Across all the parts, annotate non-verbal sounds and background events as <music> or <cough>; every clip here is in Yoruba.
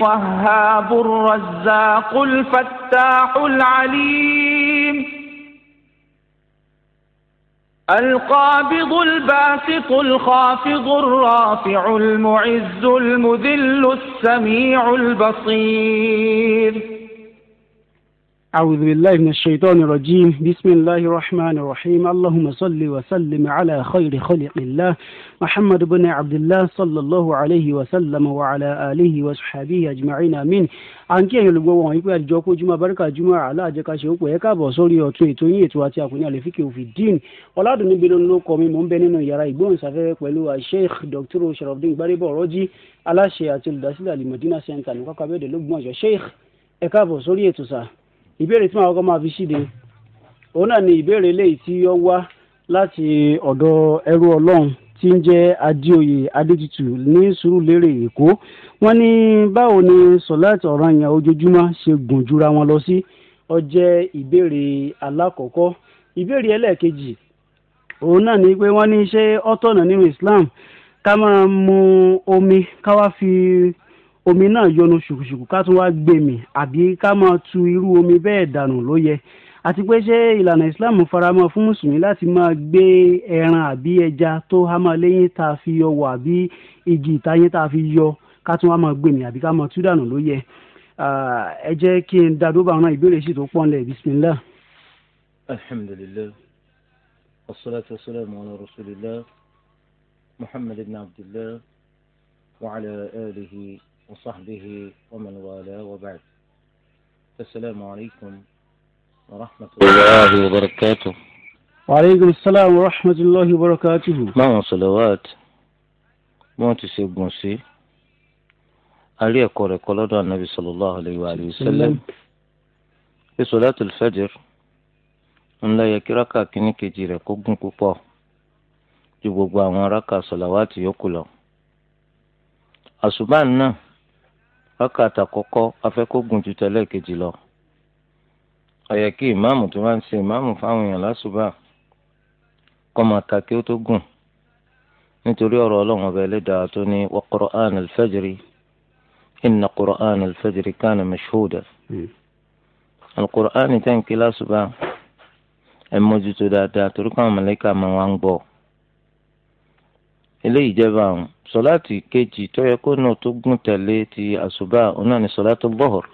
وهاب الرزاق الفتاح العليم القابض الباسط الخافض الرافع المعز المذل السميع البصير أعوذ بالله من الشيطان الرجيم بسم الله الرحمن الرحيم اللهم صل وسلم على خير خلق الله محمد بن عبد الله صلى الله عليه وسلم وعلى آله وصحبه أجمعين آمين àǹkí ẹ̀yin olùgbọ́ wọn ìpè àdìjọ kó jùmọ̀ abáríkà jùmọ̀ aláàjẹkàṣe ó pè é káàbọ̀ sórí ọ̀tún ètò yín ètò àti àkùnrin àlefíkè òfin dín ọ̀làdùn níbi ló ń lọ kọ́ mi mò ń bẹ nínú yàrá ìgbóhùnsáfẹ́fẹ́ pẹ̀lú sheikh dr sharafdin gbadebo ọ̀rọ́jì aláṣẹ àti olùdásílẹ̀ alimọ̀dínà center ní kọ́kọ́ abẹ́ẹ̀dẹ̀ lógún ọ̀jọ́ sheikh ẹ káàbọ̀ sórí ètò sáà ìbéèrè tí màá kọ́ máa fi ṣíde òun náà ni ìbéèrè eléyìí tí ó wá láti ọ̀dọ̀ ẹrú ọlọ́run tí ń jẹ́ adéoyè adétutù ní sùúrùlérè èkó wọ́n ní báwo ni sọ̀láàtì ọ̀ranyàn ojoojúmọ́ ṣe gùn jura wọn lọ sí ó jẹ́ ìbéèrè alákọ̀ọ́kọ́ ìbéèrè ẹlẹ́ẹ̀kejì òun náà ni pé wọ́n ní ṣé ó nínú Islam ká máa mu omi ká wá fi omi náà yọnu ṣùkùṣùkù ká tún wá gbé mì àbí ká máa tu irú omi bẹ́ẹ̀ dànù ló yẹ àti pé ṣé ìlànà islam faramọ́ fún mùsùlùmí láti máa gbé ẹran àbí ẹja tó hámà lẹ́yìn tá a fi yọ wọ àbí igi ìtayín tá a fi yọ ká tún wá máa gbé mì àbí ká máa tú dànù ló yẹ ẹ jẹ́ kí n dá dóbà àwọn ìbéèrè sì tó pọ́nlẹ̀ bismillah. alhamdulilayi wasalaatu wasalaamu ala rasulillah muhammad ibn wa ala alihi. وصحبه ومن والاه وبعد السلام عليكم ورحمة الله وبركاته وعليكم السلام ورحمة الله وبركاته ما صلوات ما تسيبون سي علي أقول النبي صلى الله عليه وآله وسلم في صلاة الفجر ń لا يكرك kí rákà kínní kejì rẹ̀ kó gùn púpọ̀ ju gbogbo àwọn lọ. àṣùbà náà wákàtí àkọ́kọ́ afẹ́ kó gùn ju tẹ́lẹ̀ kejì lọ ọ̀yẹ̀ kí ìmáàmù tó máa ń ṣe ìmáàmù fáwọn èèyàn lásùbà kọ́ máa kí ó tó gùn nítorí ọ̀rọ̀ ọlọ́run ọba ẹlẹ́dàá tó ní wa qur'an al-fajri inna qur'an al-fajri kana mashhuda hmm. al-qur'an tẹ́ǹkì lásùbà ẹ̀ mójútó dáadáa torí káwọn mọ̀lẹ́kà máa wá ń gbọ́ eléyìí jẹ́ báwọn sọláàtì kejì tó yẹ kó náà tó gùn tẹ̀lé ti àṣùbà òun náà ni sọláàtì bọ́ọ̀rù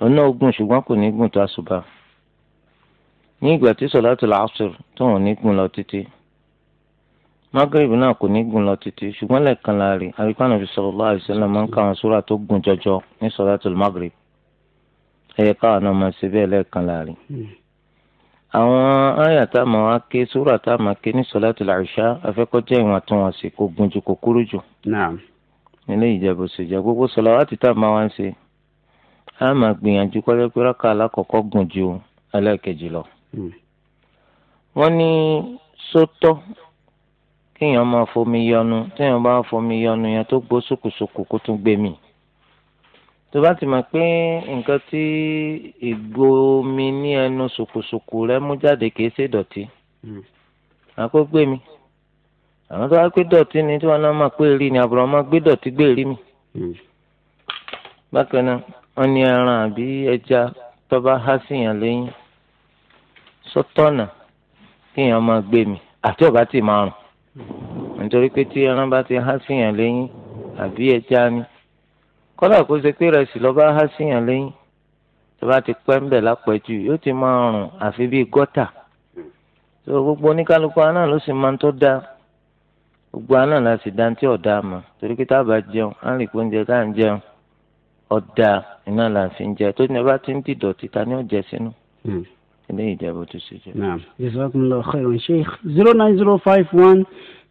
òun náà gùn ṣùgbọ́n kò ní gùn tó àṣùbà ní ìgbà tí sọláàtì làásùr tó wọn ní gùn lọ títí magreb náà kò ní gùn lọ títí ṣùgbọ́n lẹ́ẹ̀kan láàrin àríkànnà fi sallallahu alaihi wasallam máa ń káwọn sóra tó gùn jọjọ ní sọláàtì magreb ẹ̀yẹ káwọn náà máa ṣe bẹ́ẹ̀ lẹ́ẹ̀kan láàrin. Hmm àwọn àyà tá a máa wá ké sóra tá a máa ké ní sọláàtì làṣà afẹ́kọ́jẹ́ ìwọ̀n tó wọ́n sí kó gun ju kó kúrú jù. nílé ìjẹ́bù ṣèjà gbogbo sọlá wá ti tá a máa wá ń ṣe a máa gbìyànjú kọ́jọ́ pé rákà alákọ̀ọ́kọ́ gùn ju ẹlẹ́ẹ̀kejì lọ. Hmm. wọ́n ní sótọ́ kéèyàn máa fomi yọnu téèyàn bá fomi yọnu yẹn tó gbó sùkùsùkù kó tún gbé mì tó bá ti mọ̀ pé nǹkan tí ìgò mi ní ẹnu ṣòkòṣòkò rẹ mú jáde kìí ṣe dọ̀tí hmm. àkó gbé mi àwọn tó bá pé dọ̀tí ni tí wọn náà mọ̀ pé rí ni àbúrò ọmọ gbé dọ̀tí gbé rí mi. Hmm. bákan náà wọn ní ẹran àbí ẹja tó bá há sí yàn lẹ́yìn sọ́tọ̀nà kéèyàn máa gbé mi àti ọ̀bá ti máa rùn hmm. nítorí pé tí ẹran bá ti há sí yàn lẹ́yìn àbí ẹja ni kọ́dà kó ṣe pé rẹsì lọ́ba há síyàn lẹ́yìn tó bá ti pẹ́ ńbẹ̀ lápẹ́jù yóò ti máa rùn àfi bíi gọ́tà tó gbogbo oníkálukú aná ló sì máa ń tó dáa gbogbo aná la sì dá tí ọ̀dà mọ̀ torí pé tá a bá jẹun á lè pé oúnjẹ tá à ń jẹun ọ̀dà iná là ń fi jẹ tó ní bá ti ń dìdọ̀tí ta ni ó jẹ sínú ilé hmm. ìjẹ́bù tó ṣe jẹ. jazakumullahu khairan sheikh zero nine zero five one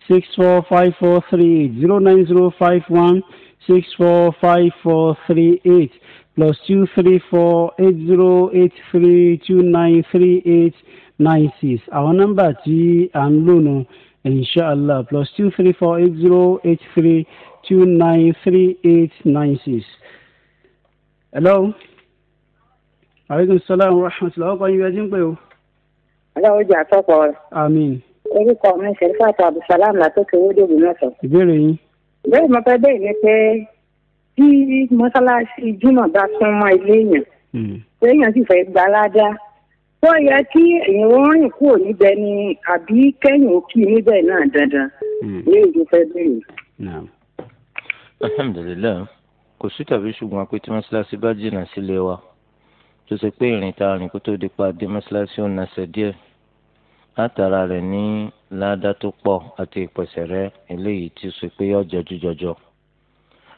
six four five four three eight zero nine zero five one six four five four three eight plus two three four eight zero eight three two nine three eight nine six àwọn nọ́mbà tí à ń lò nù inshallah plus two three four eight zero eight three two nine three eight nine six. hello. aleykum salaam wa rahmatulah ọkọ yín ẹjí ń pè o. ọlọ́run jẹ́ àtọ́pọ̀ rẹ̀. àmín. orúkọ mi ṣẹ̀rífà àti abdulsalam látòkè owó dògùn mẹ́sàn-án. ìbéèrè yín bẹ́ẹ̀ mo fẹ́ bẹ́ẹ̀ ni pé bí mọ́sálásí júmọ̀ bá sún mọ́ ilé èèyàn hmm. èèyàn sì fẹ́ gba ládá tó yẹ kí èèyàn ó rìn kúrò níbẹ̀ ni àbí kẹ́yìn ó kí níbẹ̀ náà dandan ní èdè fẹ́ bẹ́ẹ̀. alhamdulilayi kò sí tàbí ṣùgbọ́n pé tí mọ́sálásí bá jìnnà sílé wa tó ṣe pé ìrìn ta rìn kó tó di pa dé mọ́sálásí ó nasẹ̀ díẹ̀ látara rẹ̀ ní ládàá tó pọ̀ àti ìpèsè rẹ eléyìí tí ó ṣe pé yọ jọjú jọjọ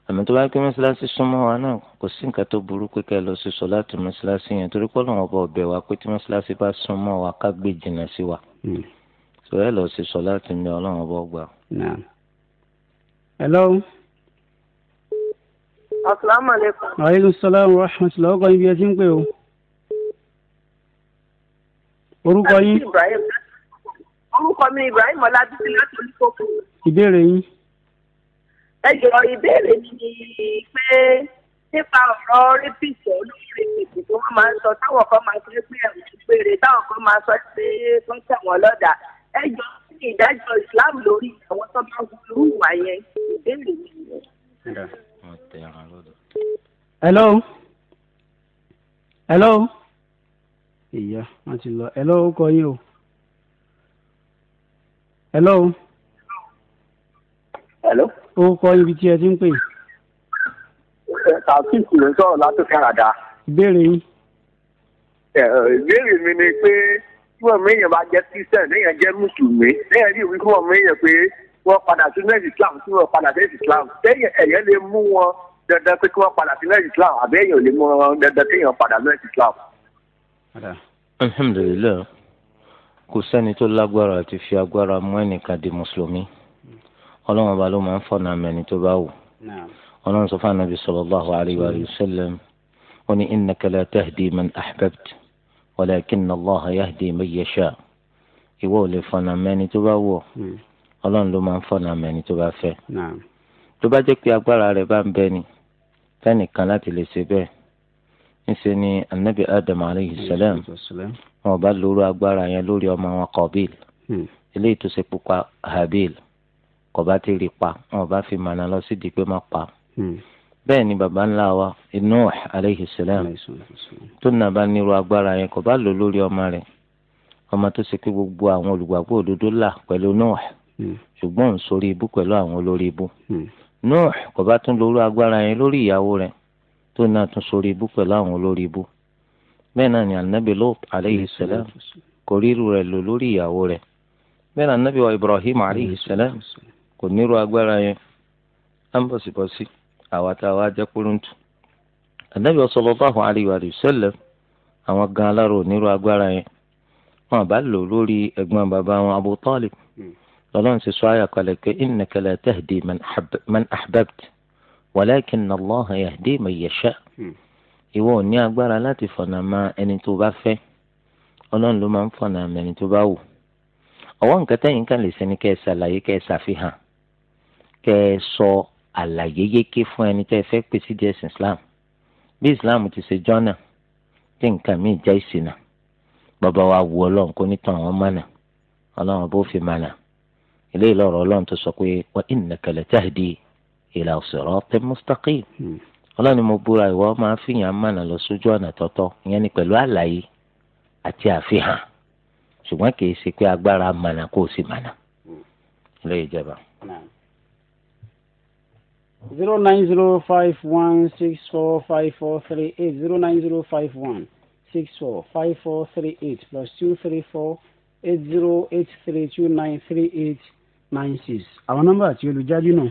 àmì tó bá pé mọ́ṣáláṣí súnmọ́ wa náà kò sí nǹkan tó burú pé ká lọ sí sọ láti mọ́ṣáláṣí yẹn torí pé Ọlọ́run bọ̀ bẹ̀ wá pé tí mọ́ṣáláṣí bá súnmọ́ wa ká gbé jìnnà sí wa hmm. sọ ẹ lọ sí sọ láti mi Ọlọ́run bọ̀ gbà. hello. asalaamualeykum. aleykum salaam wa rahmatulah ọkọ ibi ẹ ti ń pè o. orúkọ yín. ibrahim orúkọ mi Ibrahim Ọlábísí láti oníkókó. ìbéèrè yín. ẹ jọ̀ọ́ ìbéèrè mi ni pé nípa ọ̀rọ̀ rẹ́pìtì olóòrè rẹ́pìtì tó wọ́n máa ń sọ táwọn kan máa sọ pé ẹ̀rù ti péré táwọn kan máa sọ pé tó ń tẹ̀wọ̀n lọ́dà ẹ jọ sí ìdájọ́ Islam lórí àwọn tó bá wúlò wà yẹn ìbéèrè mi nìyẹn. hello hello ìyá wọn ti lọ hello ó kọ yín o hello. hello. orúkọ ibi tí ẹ ti ń pè. taofik ló ń sọ̀rọ̀ láti Canada. ìbéèrè yín. ìbéèrè mi ni pé tí wọn méèyàn bá jẹ́ kristian léèyàn jẹ́ mùsùlùmí léèyàn rí ìwé wọn méèyàn pé wọn padà sí nẹẹsì islam tí wọn padà sí islam lẹ́yìn ẹyẹ lè mú wọn dandan pé kí wọn padà sí nẹẹsì islam àbẹ́yẹn lè mú wọn dandan kéèyàn padà nẹẹsì islam. alhamdulilayi kò sẹ́ni tó lágbára àti fi agbára mú ẹnìkan di mùsùlùmí ọlọ́run ọba ló máa ń fọ̀nà mẹ́ni tó bá wù ọlọ́run sọ fún anabi sallallahu alayhi wa sallam ó ní innaka la tahdi man ahbabta walakinna Allah yahdi man yasha ìwọ ò lè fọ̀nà mẹ́ni tó bá wù hmm. ọlọ́run ló máa ń fọ̀nà mẹ́ni tó bá fẹ́ tó bá jẹ́ pé agbára rẹ̀ bá ń bẹ ni fẹ́nìkan láti lè ṣe bẹ́ẹ̀ níṣẹ́ wọn bá lóru agbára yẹn lórí ọmọ wọn kọbíl hmm. eléyìí tó ṣe pupa habil kò bá ti rí pa wọn bá fi mànà lọ sí di pé má pa hmm. bẹ́ẹ̀ ni baba ńlá wa Nuh aleyhi salam tó nà bá nírú agbára yẹn kò bá lò lórí ọmọ rẹ̀ ọmọ tó ṣe pé gbogbo àwọn olùgbàgbọ́ òdodo là pẹ̀lú Nuh hmm. ṣùgbọ́n ń sórí ibú pẹ̀lú àwọn olórí ibú Nuh kò tún lóru agbára yẹn lórí ìyàwó rẹ̀ tó nà tún sórí ibú pẹ̀lú àwọn olórí ibú bẹ́ẹ̀ náà ni anabi lot aleyhi salam kò ríru rẹ̀ lò lórí ìyàwó rẹ̀ bẹ́ẹ̀ náà anabi wa ibrahim aleyhi salam kò nírú agbára yẹn à ń bọ̀sibọ̀sí àwa tá a wá jẹ́ kúrúntù anabi sallallahu aleyhi wa sallam àwọn gan alára ò nírú agbára yẹn wọn bá lò lórí ẹ̀gbọ́n bàbá wọn abu talib lọ́lọ́run ti sọ àyà kalẹ̀ pé innaka la man ahbabta walakin allah yahdi man ìwọ ò ní agbára láti fọ̀nà ma ẹni tó bá fẹ́ ọlọ́run ló máa ń fọ̀nà ma ẹni tó bá wù ọwọ́ nǹkan tẹ́yìn kan lè ṣe kẹ́ ẹ ṣàlàyé kẹ́ ẹ ṣàfihàn kẹ́ ẹ sọ àlàyé yéké fún ẹni tẹ́ ẹ fẹ́ pè sí díẹ̀ sí Islam bí Islam ti ṣe jọ́nà tí nǹkan míì jẹ́ ìṣìnà bàbá wa wu ọlọ́run kó nítàn àwọn mánà ọlọ́run bó fi mánà ilé ìlọrọ ọlọ́run tó sọ pé wa innaka ọlọ́ni mo búra ìwọ máa fìyàn mànà lọ sójú ọ̀nà tọ́tọ́ ìyẹn ni pẹ̀lú àlàyé àti àfihàn ṣùgbọ́n kì í ṣe pé agbára mànà kó o sì mànà ìjọba. zero nine zero five one six four five four three eight zero nine zero five one six four five four three eight plus two three four eight zero eight three two nine three eight nine six àwọn nọ́mbà àti olùjáde náà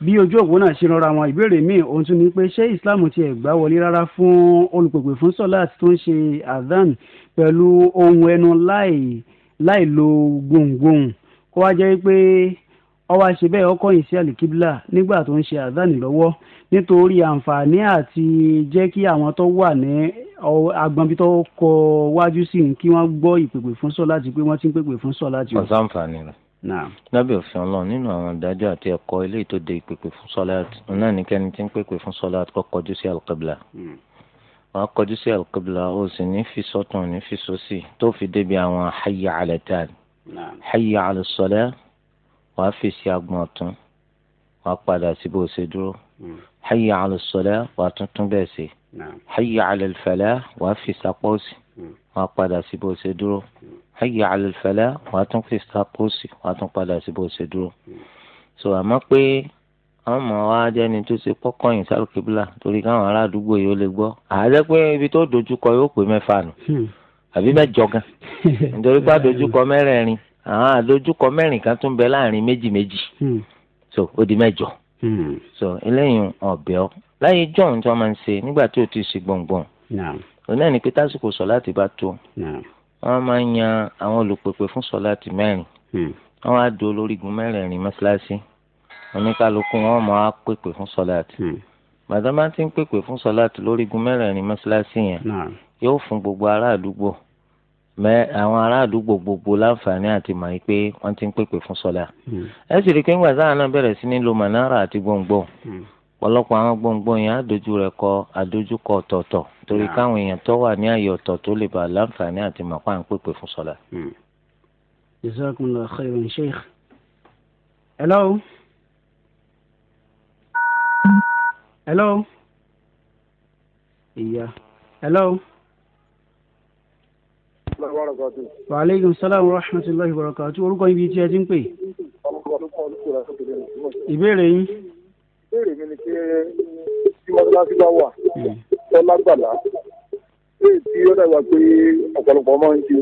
bí ojú òpó náà ṣe rọra wọn ìbéèrè míì ohun tún ni pé ṣé islam ti ẹ̀ gbá wọlé rárá fún olùpèpè fún sọláàtì tó ń ṣe adhan pẹ̀lú ohun ẹnu láì láì lo gbohùngbohùn kó wá jẹ́ pé ó wá ṣe bẹ́ẹ̀ ó kọ̀yìn sí alikibla nígbà tó ń ṣe adhan lọ́wọ́ nítorí àǹfààní àti jẹ́ kí àwọn tó wà ní agbọ̀nbí tó kọ wájú sí kí wọ́n gbọ́ ìpèpè fún sọláàtì pé wọ́n ti ń pèpè fún sọláàtì. ọ̀sán àǹfààní rẹ̀ lábẹ́ òfin ọlọ́run nínú àwọn ìdájọ́ àti ẹ̀kọ́ ilé tó de ìpèpè fún sọ́láàt náà nìkẹ́ni tí ń pèpè fún sọ́láàt kọ́ kọjú sí àlùkẹ́bìlà hmm. wàá kọjú sí àlùkẹ́bìlà ó sì ní fi sọ́tún ní fi sọ́sì tó fi débi àwọn hayya ala tan hayya ala sọ́lá wàá fi sí agbọ̀n ọ̀tún wàá padà sí bó ṣe dúró hmm. hayya ala sọ́lá tuntun bẹ́ẹ̀ sí hayya ala falah fi sapọ́ọ̀sì hmm. wàá padà sí bó ṣe dúró ayé àlùfẹ́lá wàá tún fi sápòsì wàá tún padà sí bó ṣe dúró. sọ àmọ́ pé àwọn ọmọ wa jẹ́ni tó ṣe pọ́kànyìn sálùkébílà torí káwọn ará àdúgbò yìí ó lè gbọ́. àádẹ́ pé ibi tó dojúkọ yóò pé mẹ́fà nù hmm. àbí mẹ́jọ gan <laughs> nítorí pé àdojúkọ mẹ́rẹ̀ẹ̀rin àwọn àdojúkọ mẹ́rin kan tún bẹ láàrin méjì méjì hmm. so ó di mẹ́jọ. Hmm. so eléyìí ọ̀bẹ ọ láyé john tí wọ́n máa ń ṣe nígbà tí ò ti ṣe gbọ̀ngbọ̀n òun ni pé tásìkò sọ láti bá tó wọ́n máa ń yan àwọn olùpèpè fún sọ́láàtì mẹ́rin hmm. wọ́n á do olórígun mẹ́rẹ̀ẹ̀rin mọ́ṣáláṣí oníkálukú wọn máa pèpè fún sọ́láàtì hmm. bàtà máa ti ń pèpè fún sọ́láàtì lórígun mẹ́rẹ̀ẹ̀rin mọ́ṣáláṣí yẹn yóò fún gbogbo ará àdúgbò mẹ àwọn ará àdúgbò gbogbo láǹfààní àti mọ̀ yìí pé wọ́n ti ń pèpè fún sọ́lá. Hmm. ẹ sì rí i pé ńgbà táwọn náà bẹ̀rẹ̀ sí ní lo manara àti gbòǹgbò pọ̀lọpọ̀ àwọn gbọ̀ngbọ̀n yẹn àdójú rẹ̀ kọ àdójúkọ ọ̀tọ̀ọ̀tọ̀ torí káwọn èèyàn tó wà ní àyè ọ̀tọ̀ tó lè bá láǹfààní àti màpá ń pèpè fún sọlá. Hmm. jazakumullahu khairan sheikh. hello. hello. ìyá hello. wa aleykum salaam wa rahmatulahi wa barakatuh orúkọ ibi tí ẹ ti ń pè. ìbéèrè yín béèrè mi ni pé tí mọ́sálásí bá wà hmm. tó lágbàlá léè tí ó dàgbà pé ọ̀pọ̀lọpọ̀ máa ń ṣe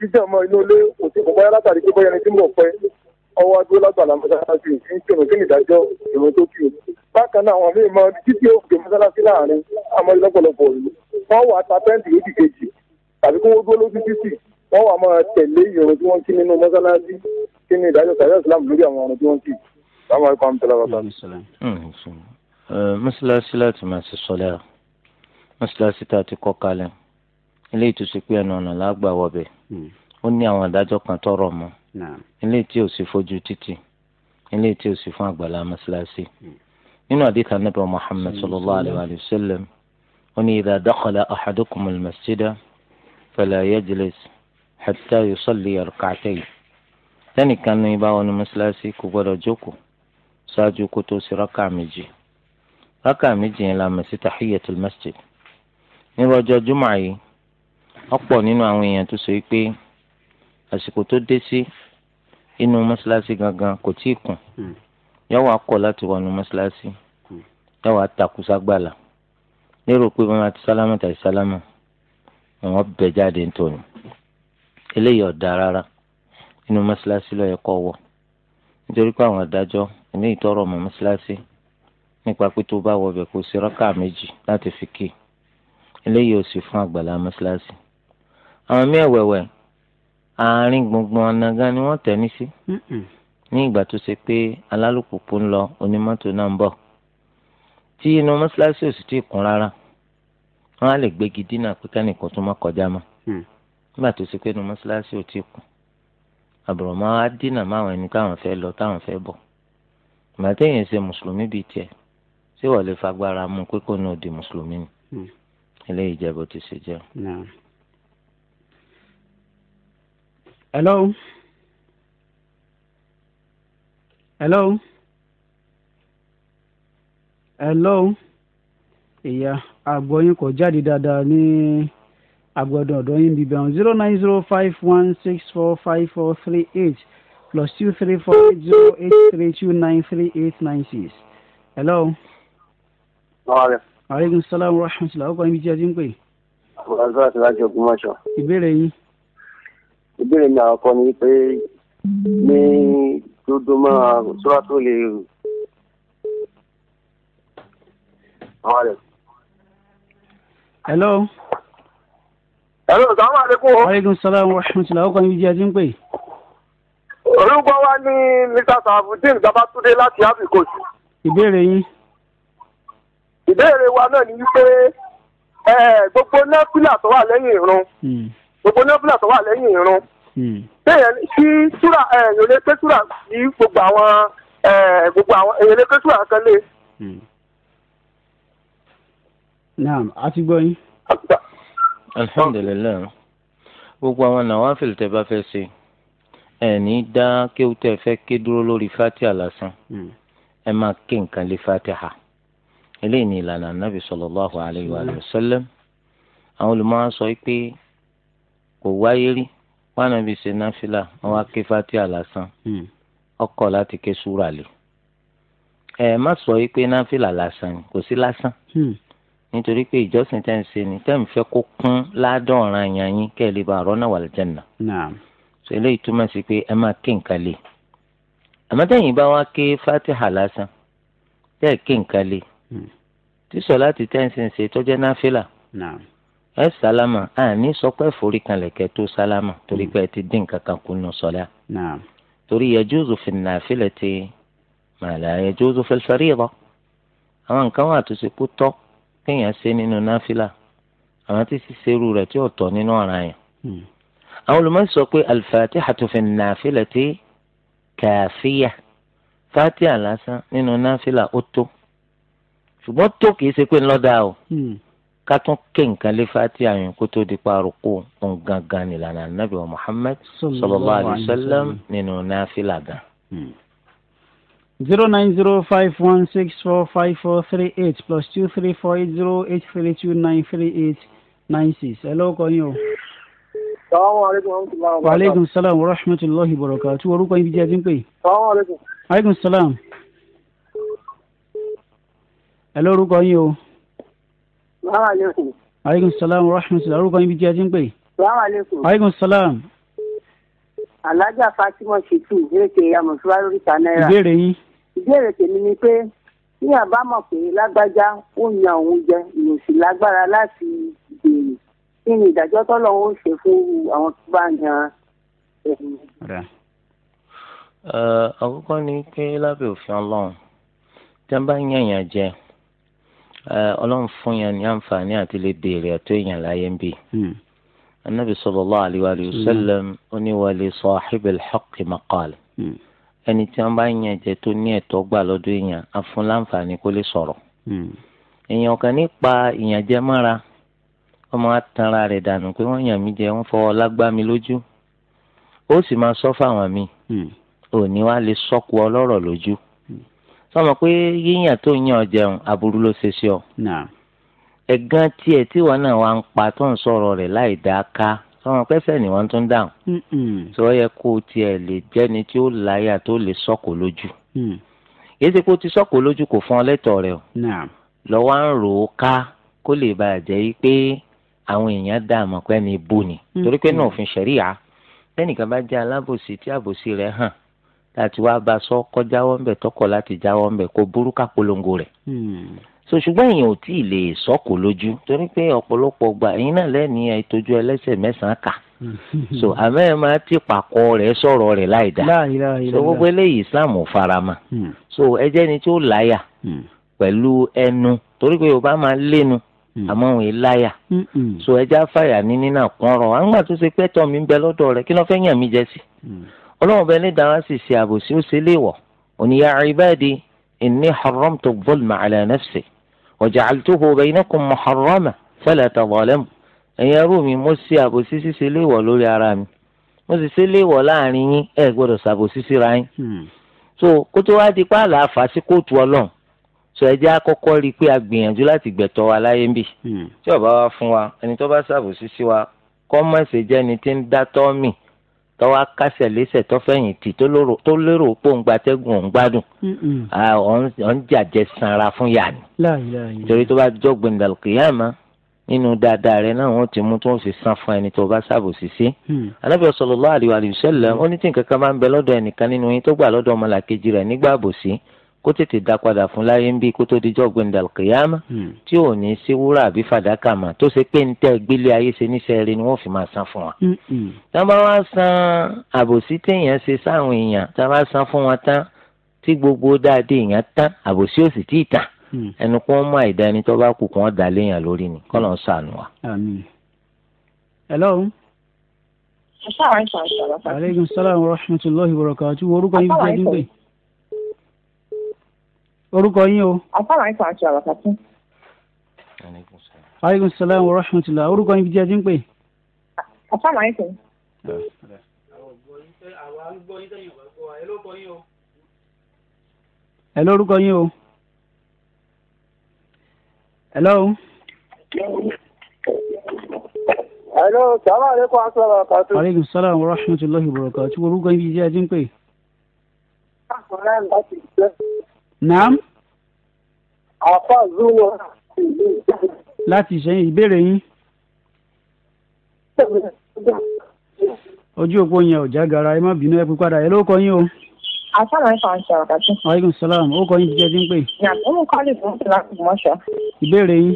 jíjẹ́ ọmọ inú ilé kò sí kọ̀ọ̀kan látàrí pé bóyá ẹni tí mò ń pẹ́ ọwọ́ adúló lágbàlá mọ́sálásí kì í kírun kí ni ìdájọ́ ìrun tó kí o bákan náà àwọn míì máa títí ó fi mọ́sálásí láàrin àmọ́ ìlọ́pọ̀lọpọ̀ ìlú wọ́n wà ta tẹ́ǹtì lójú kejì tàbí kó wọ́n dúró lójú títì wọ́n wà máa tẹ̀lé ìrun tí wọ́n sábà kọ́ mi tẹ́lẹ̀ bàtà. mọ́ṣáláṣí láti máa ṣe sọ́lẹ̀ à mọ́ṣáláṣí tá a ti kọ́ kalẹ̀ ilé ìtúsí pé ẹnu ọ̀nà lágbà wọ̀bẹ̀ mm. ó ní àwọn adájọ́ kan tọrọ mọ́ ilé tí ò sí fojú títì ilé tí ò sí fún àgbàlá mọ́ṣáláṣí mm. nínú àdìkà nàbẹ Muhammad sallallahu alayhi wa sallam ó ní idha dakhala ahadukumul masjida fala yajlis hatta yusalli rak'atayn ṣáájú kó tó sí rákà méjì rákà méjì yẹn la mọ̀ sí tahiyatul masjid nírú ọjọ́ jùmọ̀ yìí ọ̀pọ̀ nínú àwọn èèyàn tó sọ pé àsìkò tó dé sí inú mọ́ṣáláṣí gangan kò tí ì kùn hmm. yóò wá kọ̀ láti wọnú mọ́ṣáláṣí hmm. yóò wá takú ságbàlá lérò pé bàmá ti sálámà tàbí sálámà àwọn bẹ̀ jáde ń tòun eléyìí ọ̀dà rárá inú mọ́ṣáláṣí ló yẹ kó nítorí pé àwọn adájọ́ ilé ìtọ́rọ̀ ọmọ mọ́ṣáláṣí nípa pé tó bá wọbẹ̀ kó ṣe rákà méjì láti fi kí eléyìí ò sì fún àgbàlá mọ́ṣáláṣí. àwọn míì ẹ̀wẹ̀wẹ̀ àárín gbùngbùn ọ̀nà ni wọ́n tẹ̀ ní sí ní ìgbà tó ṣe pé alálùpùpù ń lọ onímọ́tò náà ń bọ̀ tí inú mọ́ṣáláṣí ò sì tí ì kún rárá wọ́n á lè gbégi dínà pé kẹ́nìkan tó má kọjá mọ́ mm. nígbà tó ṣe pé inú mọ́ṣáláṣí ò tí ì kún àbùrọ̀mọ́ á dínà máwọn ẹni táwọn fẹ́ lọ táwọn fẹ́ bọ̀ màtẹ́yìn ṣe mùsùlùmí bíi tiẹ̀ ṣé wọ́n lè fagbára mú pé kò náà di mùsùlùmí ni hmm. eléyìí jẹ́ bó ti ṣe jẹ́. hello hello hello ìyá àgbọ̀yìn kò jáde dáadáa ní. Ni àgbọ̀dọ̀ ọ̀dọ́ yín bíbẹ̀ zero nine zero five one six four five four three eight plus two three four eight zero eight three two nine three eight nine six. hello. ọ̀rẹ́. aleykum salaam wa rahmatulah ọkọ ibi tí a ti ń pè. àbúrò àti láti Ògbómọ̀ṣọ́. ìbéèrè yín. ìbéèrè mi àkọ́kọ́ ni pé ní dúdú máa sọ́ra tó lè. ọ̀rẹ́. hello ẹ̀rọ sàmà àlékún o. aleykum salaam wa rahmatulah ọkọ níbi jẹ́ ẹtí ń pè. orúkọ wa ni mr sàfùdín babatunde láti abikos. ìbéèrè yín. ìbéèrè wa náà ni wípé gbogbo nẹ́fìlà tó wà lẹ́yìn ìrun hmm. gbogbo nẹ́fìlà tó wà lẹ́yìn ìrun bẹ́ẹ̀ hmm. sí súrà èèyàn lè ké súrà sí gbogbo àwọn gbogbo àwọn èèyàn lè ké súrà kan lé. Hmm. naam a ti gbọ́ yín alhamdulilayi gbogbo àwọn nàwáfìlì tẹ bá fẹ́ ṣe ẹni dá kéwù tẹ fẹ́ ké dúró lórí fatiha lásán hmm. ẹ máa ké nǹkan lé fatiha eléyìí ni ìlànà anabi sallallahu alayhi wa sallam àwọn olùmọ̀ sọ pé kò wáyé rí wọn àbí ṣe náfìlà àwọn aké fatiha lásán hmm. ọkọ láti ké súrà lé ẹ má sọ pé náfìlà lásán kò sí lásán. Hmm nítorí pé ìjọsìn tẹ́ ń ṣe ni tẹ́ ń fẹ́ kó kún ládọ̀ọ̀ràn yẹn yín kẹ́ ẹ lè bá rọ́nà wà lẹ́jẹ̀nà. sọ eléyìí túmọ̀ sí pé ẹ máa ké nǹkan lé àmọ́ tẹ́yìn bá wá ké fatiha lásán tẹ́ ẹ ké nǹkan lé hmm. tí sọlá ti tẹ́ ń ṣe ń ṣe tọ́jẹ́ náfìlà ẹ sálámà àní sọ pé forí kanlẹ̀ kẹ́ tó sálámà torí hmm. pé ẹ ti dín nǹkan kú nù sọlá torí yajuzu fi náfìlà ti màlà yajuzu fi fariida àwọn kéèyàn ṣe nínú náfìlà àwọn tí ṣíṣe irú rẹ̀ tí ọ̀tọ̀ nínú ọ̀ràn yẹn. Hmm. àwọn olùmọ̀ọ́sí sọ pé al-Fatihatu fi an-nafilati kàfíyà fatiha lásán nínú náfìlà ó tó ṣùgbọ́n tó kìí ṣe pé ńlọ́dà o hmm. ká tún ké nǹkan lé fatiha yẹn kó tó di paroko ọ̀ngangan nìlànà nàbẹ̀wò Muhammad sallallahu alaihi wasallam nínú náfìlà gan. Hmm zero nine zero five one six four five four three eight plus two three four eight zero eight three two nine three eight nine six. ẹ lọ́wọ́ kọ́ yín salaamaleykum wa salaam wa rahmatulahi wa barakatuh orúkọ ibi jẹ́ ti ń pè. salaamaleykum. aleykum salaam. ẹ lórúkọ yín o. salaamaleykum. aleykum salaam wa rahmatulahi orúkọ ibi jẹ́ ti ń pè. salaamaleykum. aleykum salaam. alájà fatima shetu ìbéèrè kejì àmọ̀ fúlárì ta náírà. ìbéèrè yín ìbéèrè tèmi ni pé ní àbámọ̀ pé lágbájá ó yan òun jẹ ìròsì lágbára láti béèrè kí ni ìdájọ́ tọ́lọ̀ ó ṣe fún àwọn tó bá yan eh, ẹ̀yìn. àkọ́kọ́ ni pé lábẹ́ òfin ọlọ́run tí wọ́n bá yànyàn jẹ ọlọ́run fún yàn ní àǹfààní àti lè béèrè ẹ̀tọ́ èèyàn láyé ń bì. anabi sallallahu alaihi wa sallam ó ní wa li sahib ẹni tí wọ́n bá yan ẹ̀jẹ̀ tó ní ẹ̀tọ́ gbà lọ́dọ̀ èèyàn á fún láǹfààní kó lè sọ̀rọ̀. Hmm. èèyàn kan nípa ìyànjẹ mára ọmọ tanra rẹ̀ dànù pé wọ́n yàn mí jẹ wọ́n fọwọ́ lágbá mi lójú ó sì máa sọ fáwọn mi hmm. ò ní wá lè sọ́kù ọlọ́rọ̀ lójú sọmọ hmm. pé yíyàn tó yàn ọ aburú ló ṣe sí ọ ẹ̀gán tiẹ̀ tí wọn náà wá ń pa tó ń sọ̀rọ̀ rẹ̀ láì dáa ká sọ̀rọ̀ pẹ́sẹ̀ ni wọ́n tún dáhùn tí ó yẹ kó tiẹ̀ lè jẹ́ni tí ó láyà tó lè sọ́kò lójú yìí mm. ti kó ti sọ́kò lójú kò fún ọ lẹ́tọ̀ọ́ rẹ o lọ́wọ́ à ń rò ó ká kó lè bá a jẹ́ pé àwọn èèyàn dá àmọ́ pé ní ibú ni torí pé náà òfin ṣẹ̀ríyà tẹ́nìkan bá jẹ́ alábòsí tí àbòsí rẹ̀ hàn láti wá bá a sọ kọjáwọ́ ńbẹ̀ tọkọ̀ láti jáwọ́ ńbẹ̀ kó burúkú polongo rẹ̀ mm so ṣùgbọ́n èèyàn ò tí ì lè sọ́kò lójú torí pé ọ̀pọ̀lọpọ̀ gbà ẹ̀yin náà lẹ́ni ìtọ́jú ẹlẹ́sẹ̀ mẹ́sàn-án kà <laughs> so àmọ́ ẹ máa ti pàkọ́ rẹ̀ sọ̀rọ̀ rẹ̀ láì dá so gbogbo eléyìí Islam ò fara mọ́ hmm. so ẹ jẹ́ ni tí ó láyà hmm. pẹ̀lú ẹnu torí pé Yorùbá máa lénu hmm. àmọ́ òun láyà so ẹ já fàyà ní nínà kan rọ̀ àgbà tó ṣe pẹ́tọ̀ mi ń bẹ lọ́dọ̀ rẹ̀ kí ló fẹ́ yàn mí jẹ sí ọlọ́run bẹ́ẹ̀ ní dáhà sì ṣe àbòsí ó ṣe léèwọ̀ òníyà ibadi inni haramtu zulma ala nafsi وجعلته بينكم محرمة فلا تظالموا ẹ̀yin ẹrú mi mo ṣe àbòsí ṣíṣe léèwọ̀ lórí ara mi mo sì ṣe léèwọ̀ láàrin yín ẹ gbọ́dọ̀ ṣàbòsí síra yín. Hmm. so kó tó wá di pa àlàáfà sí kóòtù ọlọ́run sọ ẹ jẹ́ àkọ́kọ́ rí i pé a gbìyànjú láti gbẹ̀tọ́ wa láyé ń bì. Hmm. tí ó bá fún wa ẹni tó bá ṣàbòsí sí wa kọ́mọ̀sì jẹ́ni tí ń dá tọ́ mì tọ́wọ́ akásẹ̀ lẹ́sẹ̀ tọ́fẹ̀yìntì tó lérò pé òun gbatẹ́gùn òun gbádùn òun jàjẹ́ sanra fún yàní. torí tó bá jọ gbẹndàlùkìyàmá nínú dáadáa rẹ náà wọn ti mú tí wọn fi san fún ẹni tó bá sábò sísé. anábìyà hmm. sallallahu alaihi wa sallam ó ní tí nǹkan kan bá ń bẹ lọ́dọ̀ ẹnìkan nínú yín tó gbà lọ́dọ̀ ọmọlàkejì rẹ̀ nígbà àbòsí kó tètè dá padà fún láyé ń bí kó tó dijọ́ gbẹ̀ndàl kìyàmá hmm. tí ò ní sí wúrà àbí fàdákà mà tó ṣe pé ń tẹ́ gbélé ayé ṣe níṣẹ́ rẹ ni wọ́n fi máa san fún wa. Hmm, hmm. tá a bá wá san àbòsí téèyàn ṣe sáwọn èèyàn tá a bá san fún wọn tán tí gbogbo dáadé èèyàn tán àbòsí ò sì tí ì tàn ẹnu kó mọ àìdáni tó bá kù kó dà léèyàn lórí ni kọ́ ló ń sànù wa. àmín. hello. aleykum salaam wa rahmatulahi wa barakatuh orúkọ yín bí wọ́n ti ń gbé orúkọ yín o. àfàlà ìfà àti àlàkàtún. aleykum salaam wa rahmatulah orúkọ yín bíi ẹ ti ń pè. àfàlà ìfà. ẹ lórúkọ yín o. hello. hello salaam aleykum asalaam akatu. aleykum salaam wa rahmatulahi wa barakatu orúkọ yín bíi ẹ ti ń naam. àfa zúwọ́. láti ìṣẹ́yìn ìbéèrè yín. ojú òpó yẹn ò jágara ẹ má bínú ẹ pé padà ẹ ló yín o. asalaamaaleykum ṣe àwàdàtú. aleykum salaam ó kọ yín jíjẹ tí ń pè. yàn ó mú kọ́lì fún mi láti mọ́ṣọ́. ìbéèrè yín.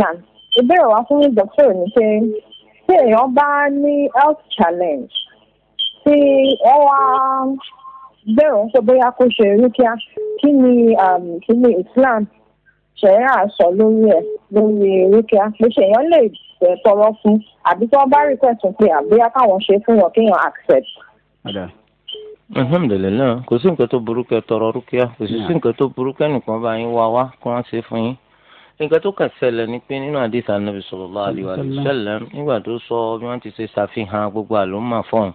yàn ìbéèrè wa fún dókítà ni pé tí èèyàn bá ní health challenge tí ẹ wá bẹ́ẹ̀ ń sọ bóyá kó ṣe rúkìá kí ni um, kí ni Islam ṣẹ̀rẹ́ àṣọ lórí ẹ̀ lórí rúkìá pé ṣèyàn lè tọrọ fún àbí tí wọ́n bá rí pẹ̀sùn pé àbóyá káwọn ṣe fún wọn kéèyàn accept. alhamdulilayi kò sí nǹkan tó burú kẹ́ tọrọ rúkìá kò sí nǹkan tó burú kẹ́ nìkan bá yín wá wá kí wọ́n ṣe fún yín nǹkan tó kàn ṣẹlẹ̀ ni pé nínú àdìsá nàbì sallallahu alaihi wa sallam nígbà tó sọ bí wọ́n ti ṣe ṣàfihàn gbogbo àlùmọ̀ fọ́ọ̀n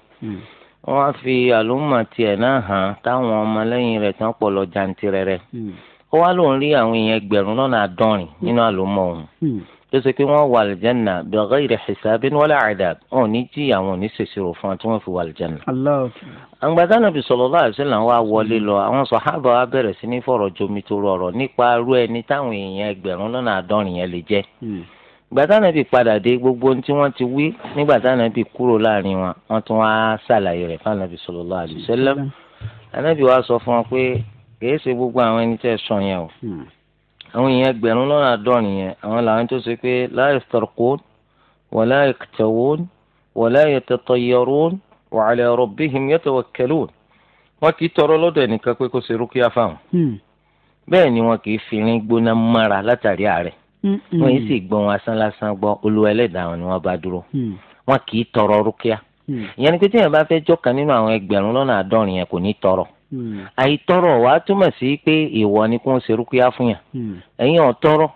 wọ́n á fi àlùmọ̀ tiẹ̀ náà hàn táwọn ọmọlẹ́yìn rẹ̀ tán pọ̀ lọ jantirẹrẹ hmm. ó wá lóun rí àwọn èèyàn ẹgbẹ̀rún lọ́nà àádọ́rin hmm. nínú àlùmọ̀ ọ̀hún hmm. tó ṣe pé wọ́n wà àlìjẹ́nà bi ghairi hisabin wala adab wọn ò ní jí àwọn oníṣèṣirò fún ọ tí wọ́n fi wà àlìjẹ́nà. àgbàdo ànábì sallallahu alaihi wasallam wá wọlé lọ àwọn sàhábà wa bẹ̀rẹ̀ sí ní fọ̀rọ̀ jomitoro ọ̀rọ̀ nípa irú ẹni táwọn èèyàn ẹgbẹ̀rún lọ́nà àádọ́rin yẹn lè jẹ́ gbàtà nàbì padà dé gbogbo ohun tí wọ́n ti wí nígbà tá nàbì kúrò láàrin wọn wọ́n tún wá ṣàlàyé rẹ̀ fún ànàbì sallallahu alaihi wasallam hmm. ànàbì wa sọ fún wọn pé kìí ṣe gbogbo àwọn ẹni tẹ́ sọ yẹn o hmm. àwọn èèyàn ẹgbẹ̀rún lọ́nà àádọ́rin yẹn àwọn làwọn tó ṣe pé la yaftarqun wa la yaktawun wa la yatatayyarun wa ala rabbihim yatawakkalun wọn kì í tọrọ lọ́dọ̀ ẹnìkan pé kó ṣe rúkìá fáwọn hmm. bẹ́ẹ̀ ni wọn kì í fi irin gbóná mára látàrí àárẹ̀ wọ́n yìí sì gbọ́ wọn asán lásán gbọ́ olú ẹlẹ́dàá wọn ni wọ́n bá dúró mm. wọn kì í tọrọ rúkìá mm. ìyẹn ni pé tí yẹn bá fẹ́ jọ́kan nínú àwọn ẹgbẹ̀rún lọ́nà àádọ́rin yẹn kò ní tọrọ mm. àìtọrọ wàá túmọ̀ sí pé ìwọ ni kò ń ṣe rúkìá fún yàn ẹ̀yin ọ̀tọrọ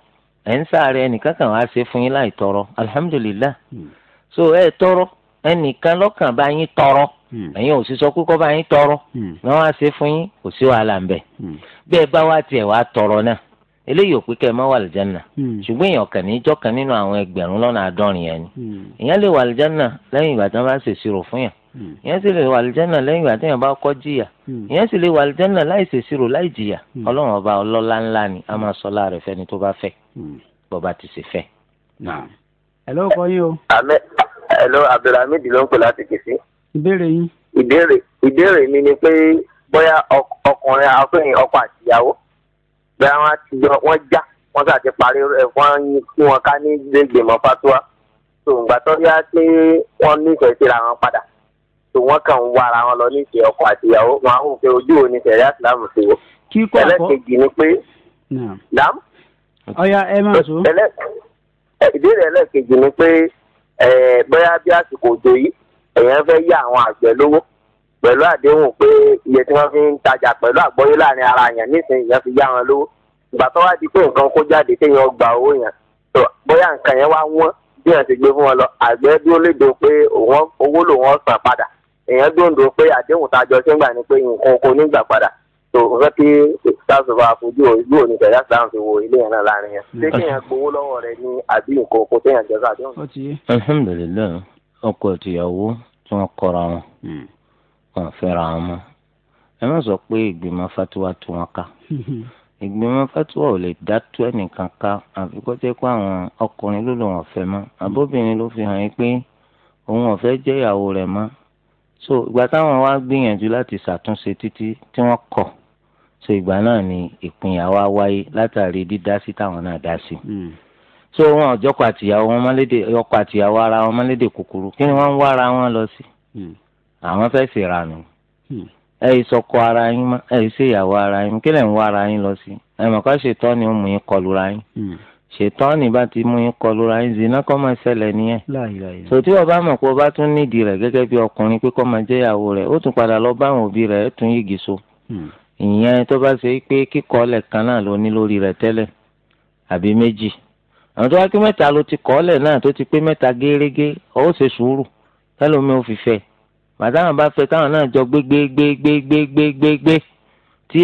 ẹ̀ ń sáré ẹnìkan kan wàá ṣe fún yín láì tọrọ alhamdulillah so ẹ tọrọ ẹnìkan lọ́kàn bá yín tọrọ ẹ̀yin ò sì sọ pé kọ́ bá yín tọrọ ni wọ́n á ṣe fún yín kò sí wàhálà ń bẹ́ẹ̀ bá wá tiẹ̀ wàá tọrọ náà eléyìí ò pé kẹ́ ẹ má wà lìjánà hmm. ṣùgbọ́n èèyàn kàn ní jọ́kan nínú àwọn ẹgbẹ̀rún lọ́nà àádọ́rin yẹn ni hmm. èèyàn lè wà lìjánà lẹ́yìn ìgbà tí wọ́n bá ṣèṣirò fún yàn hmm. èèyàn sì lè wà lẹ́yìn ìgbà tí yàn bá kọ́ jìyà èèyàn sì lè wà lìjánà láì ṣèṣirò láì jìyà ọlọ́run ọba ọlọ́lá ńlá ni a máa sọ láàrẹ̀ fẹ́ni tó bá fẹ́ bọ́ba ti ṣe fẹ́. ẹ̀lọ́ kọ yín o. ẹ̀lọ́ Abdulhamid ló ń pè láti kìsí. ìbéèrè yín. ìbéèrè mi ni pé bóyá ọkùnrin afẹ́yìn ọkọ àtìyàwó bẹ́ẹ̀ wọ́n ti yọ wọ́n já wọ́n sà ti parí rẹ̀ wọ́n yín kí wọ́n ká ní gbẹ̀gbẹ̀mọ́ fatuwa tó ǹgbà tó yá pé wọ́n nífẹ̀ẹ́ síra wọn padà tó wọ́n kàn ń wá ara wọn lọ nífẹ̀ẹ́ ọkọ àti ìyàwó wọn á hùwà pé ojú wo ni sẹ̀rí àsìlámù ti wò. kíkọ́ àkọ́ ẹlẹ́kejì ni pé dam. ọ̀ya ẹ máa sọ. ìbéèrè ẹlẹ́kejì ni pé bóyá bí àsìkò òjò yìí èèyàn fẹ́ yá àwọn àgbẹ̀ lówó pẹ̀lú àdéhùn pé iye tí wọ́n fi ń tajà pẹ̀lú àgbọ́yé láàrin ara yẹn nísìnyí yẹn fi yá wọn lówó ìgbà tó wá di pé nǹkan kó jáde téèyàn gba owó yẹn tó bóyá nǹkan yẹn wá wọ́n bí wọ́n ti gbé fún wọn lọ àgbẹ̀ dúró lédo pé owó lòun ọ̀sán padà èèyàn dòǹdò pé àdéhùn tájọ ṣé ń gbà ní pé nǹkan kó nígbà padà tó n fẹ́ kí sars bá fojú ìlú oníkẹ̀ yá sáà fi wo ilé yẹn láàrin yẹn ṣé kéèyàn gbowó lọ́wọ́ rẹ ní àbí nǹkan wọn fẹ́ra wọn mọ́ ẹ má sọ pé ìgbìmọ̀ fatiwa tú wọn ká <laughs> ìgbìmọ̀ fatiwa ò lè dá tú ẹnìkan ká àfi kó jẹ́ pé àwọn ọkùnrin ló lò wọ́n fẹ́ mọ́ àbóbìnrin ló fi hàn yín pé òun ọ̀fẹ́ jẹ́ ìyàwó rẹ̀ mọ́ so ìgbà táwọn wá gbìyànjú láti ṣàtúnṣe títí tí wọ́n kọ̀ so ìgbà náà ni ìpínyà wa wáyé látàrí dídásí táwọn náà dá sí hmm. so wọn ọjọ́ kọ àtìyàwó wọn mọ́lédè ọkọ àtìyàwó ara wọn mọ́lédè kúkúrú kí ni wọ́n ń wá ara wọn lọ sí. Mm àwọn fẹ́ ṣèrànù hmm. ẹ yìí sọkọ ara yín mọ́ ẹ yìí ṣèyàwó ara yín kí lẹ ń wá ara yín lọ sí ẹ mọ̀ ká ṣètọ́ ni mú yín kọlu ra yín hmm. ṣètọ́ ni bá ti mú yín kọlu ra yín zina kọ́ máa ṣẹlẹ̀ nìyẹn sòtí ọba mọ̀ pé ọba tún nídìí rẹ̀ gẹ́gẹ́ bí ọkùnrin pé kọ́ máa jẹ́ ìyàwó rẹ̀ ó tún padà lọ bá àwọn òbí rẹ̀ ẹ̀ tún yìgì so hmm. ìyẹn tó bá ṣe pé kíkọ́ ọ̀lẹ̀ kan náà ló ní lórí rẹ̀ tẹ́lẹ̀ àbí méjì àwọn tó wá kí mẹ́ta ló ti kọ́ màtáwọn bá fẹ́ káwọn náà jọ gbégbégbégbégbégbégbé tí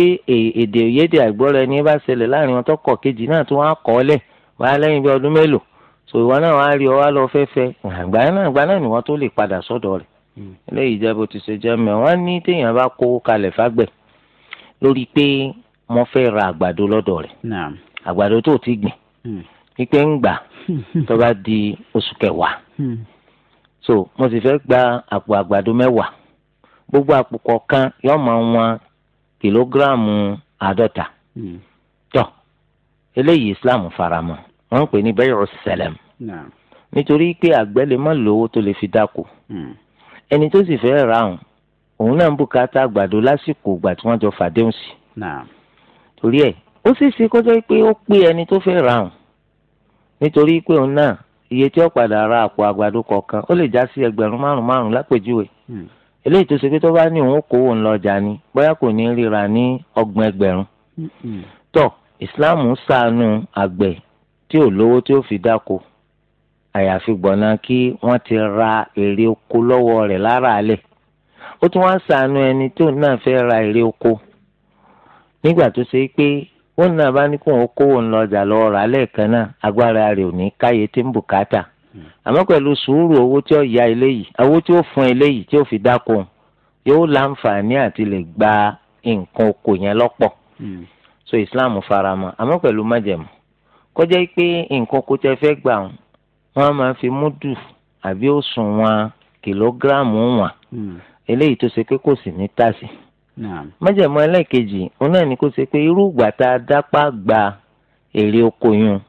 èdè òyédè àgbọ́ra ẹni bá ṣẹlẹ̀ láàrin wọn tọkọ kejì náà tí wọ́n á kọ́ lẹ̀ wàá lẹ́yìn bí ọdún mélòó so ìwọ náà wàá rí ọ wá lọ fẹ́fẹ́ àgbà náà àgbà náà ni wọ́n tó lè padà sọ́dọ̀ rẹ̀ hmm. eléyìí jẹ́ bó ti ṣe jẹ́ mẹ́ wọ́n ní téèyàn bá kó kalẹ̀ fágbẹ̀ lórí pé mo fẹ́ ra àgbàdo lọ́dọ̀ rẹ̀ àgbàdo tó ti gbìn hmm. wípé ń gbà <laughs> tó bá di oṣù kẹwàá hmm so mo sì fẹ́ gba àpò àgbàdo mẹ́wàá gbogbo àpò kọ̀ọ̀kan yóò máa wọn kìlógíráàmù àádọ́ta hmm. tó eléyìí islam faramọ́ wọ́n ń pè ní bẹ́yọ̀ sẹlẹ̀m nítorí pé àgbẹ̀ lè má lówó tó lè fi dáko hmm. ẹni tó sì fẹ́ ra òun òun náà ń bùkátà àgbàdo lásìkò ìgbà tí wọ́n jọ fàdéhùn sí torí ẹ̀ ó sì ṣe kọjá pé ó pé ẹni tó fẹ́ ra òun nítorí pé òun náà iye tí ó padà ra àpò àgbàdo kọ̀ọ̀kan ó lè já sí ẹgbẹ̀rún márùn márùn lápèjúwe hmm. eléyìí tó ṣe pé tó bá ní òun kówó ńlọ ọjà ni bóyá kò ní ríra ní ọgbọ̀n ẹgbẹ̀rún hmm, hmm. tó ìsìláàmù ṣàánú àgbẹ̀ tí ò lówó tí ó fi dáko àyàfi gbọ̀nà kí wọ́n ti ra èrè oko lọ́wọ́ rẹ̀ láràálẹ̀ ó tún wá ṣàánú ẹni tó náà fẹ́ ra èrè oko nígbà tó ṣe pé wọn náà bá ní kó kówó ń lọ rà lẹ́ẹ̀kan náà agbára rẹ̀ ò ní káyé tí ń bùkátà hmm. pẹ̀lú sùúrù owó tí ó ya eléyìí owó tí ó fún eléyìí tí ó fi dáko yóò láǹfààní àti lè gba nǹkan oko yẹn lọ́pọ̀ hmm. so Islam faramọ́ àmọ́ pẹ̀lú májẹ̀mú kọjá pé nǹkan oko gbà májèmú ẹlẹ́ẹ̀kejì òun náà ni kó ṣe pé irú ìgbà tá a dápá gba èrè oko yun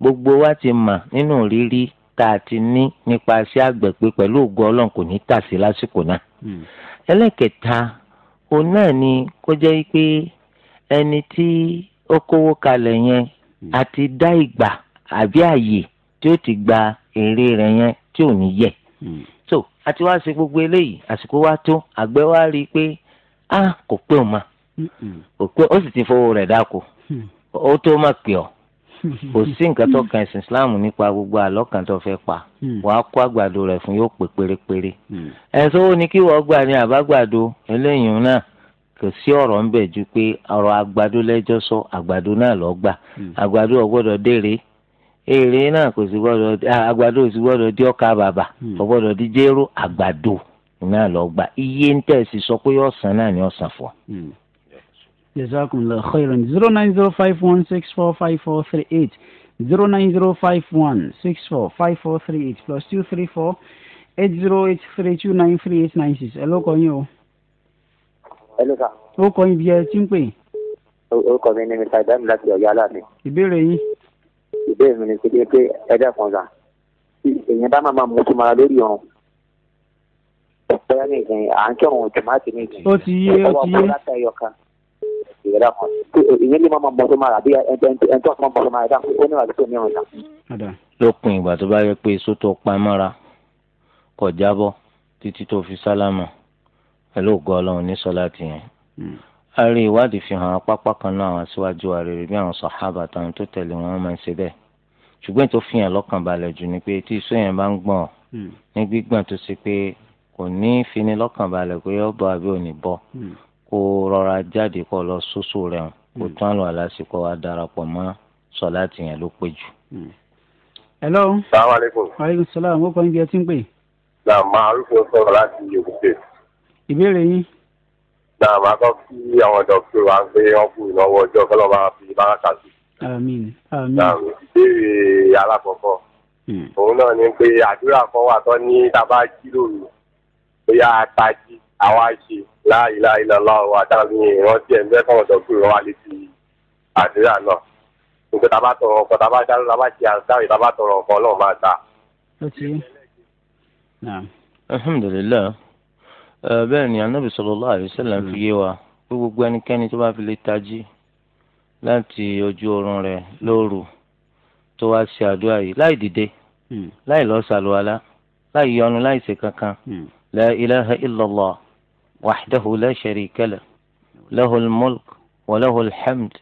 gbogbo wa ti mà nínú rírí tá a ti ní nípa iṣẹ́ àgbẹ̀ pé pẹ̀lú ògo ọlọ́run kò ní tà sí lásìkò náà. Hmm. ẹlẹ́ẹ̀kẹta òun náà ni kó jẹ́ pé ẹni tí ó kówó kalẹ̀ yẹn àti hmm. dá ìgbà àbí àyè tí ó ti gba èrè rẹ̀ yẹn tí ò ní yẹ. Hmm. so àti wá ṣe gbogbo eléyìí àsìkò wa tó àgbẹ̀ wa rí i pé a ah, kò pé o ma kò pé o sì ti fowó rẹ̀ dáko o hmm. tó ma pè ọ. Hmm. kò sí nǹkan tó hmm. kan nípa gbogbo àlọ́ kan fẹ́ pa wàá kó àgbàdo rẹ̀ fún yóò pè pérépéré ẹ̀sọ́ wo ni kí wọ́n gbà ní àbágbàdo eléyìí náà kò sí ọ̀rọ̀ ń bẹ̀ ju pé ọ̀rọ̀ àgbàdo lẹ́jọ́ sọ àgbàdo náà lọ́ gbà àgbàdo ò dèrè èrè náà kò sí gbọ́dọ̀ àgbàdo náà lọ gbà iye ń tẹ̀ sí sọ pé ọ̀sán náà ni ọ̀sán fọ. Hmm. jazakumullahu khairan zero nine zero five one six four five four three eight zero nine zero five one six four five four three eight plus two three four eight zero eight three two nine three eight nine six ẹ ló kọ yín o. ẹ ló kà. ó kọ yín bí ẹ ti ń pè. orúkọ mi ni mr ibrahim láti Ọ̀yọ́ Aláàfin. ìbéèrè yín. ìbéèrè mi ni pé ẹ dẹ́kun sàn. èèyàn bá máa máa mú tó lórí ọrùn bẹ́ẹ̀ ni ìsìn à ń kẹ́wọ̀n tòmátì ní ìsìn. ó ti yé ó ti yé. ìyẹn ní màmá mọ́tò máa àbí ẹ̀ńtọ́ mọ́ mọ́tò máa dá ó ní àdúgbò ní ọ̀nà. lópin ìgbà tó bá yẹ pé èso tó pa mọ́ra kò jábọ́ títí tó fi sálámà pẹ̀lú ògo ọlọ́run ní sọ́lá ti a rí ìwádìí fi hàn apápá kan náà àwọn aṣíwájú àrèrè bí àwọn sàhábà táwọn tó tẹ̀lé wọn máa ń ṣe bẹ́ẹ̀ ṣùgbọ́n tó fi hàn jù ni pé tí ìsó yẹn bá ń gbọ̀n ní gbígbọ̀n tó ṣe pé kò ní fini lọ́kàn balẹ̀ pé ó bọ̀ àbí ò ní bọ̀ hmm. kó rọra jáde kó lọ sóso rẹ̀ hàn kó hmm. tún àlọ́ àlásìkò wa darapọ̀ mọ́ sọ̀láàtì yẹn ló pé jù. Hmm. hello. salaamu aleykum. aleykum salaam wọ́n kọ́ ní bí ẹ ti ń pè. na máa rúfin sọ̀rọ̀ láti yòókùté. ìbéèrè yín. na máa kọ́ kí àwọn dọ́kítà wa ń gbé wọn kú ìnáwó ọjọ́ kọ́lọ́ máa fi báràkà sí. àmín àmín. na ìbéèrè alákọ̀ọ́kọ́. òun náà ni pé àdúrà kan wà tó ní tá a bá jí lóru bóyá àtàjì àwa ṣe láìláìlọ́lá wa dábì ìrántí ẹ̀ ń bẹ́ kọ́ ọ̀dọ́ gbé wa létí àdúrà náà nígbà tá a bá tọrọ ọkọ tá a bá dáná tá a bá ṣe àdáwì tá bá tọrọ ọkọ náà máa ta. alhamdulilayi bẹ́ẹ̀ ni anabi sallallahu alaihi wasallam fi yé wa pé gbogbo ẹnikẹ́ni tó bá fi lè tají láti ojú oorun rẹ̀ lóru tó wá ṣe àdúrà yìí láì dìde hmm. láì lọ sàlùwalá láì yọnu láì ṣe kankan hmm. لا إله إلا الله وحده لا شريك له له الملك وله الحمد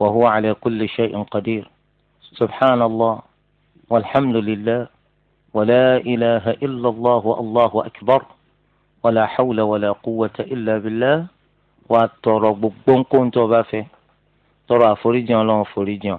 وهو على كل شيء قدير سبحان الله والحمد لله ولا إله إلا الله والله أكبر ولا حول ولا قوة إلا بالله وأترى كنت بافه ترى فريجا لا فريجا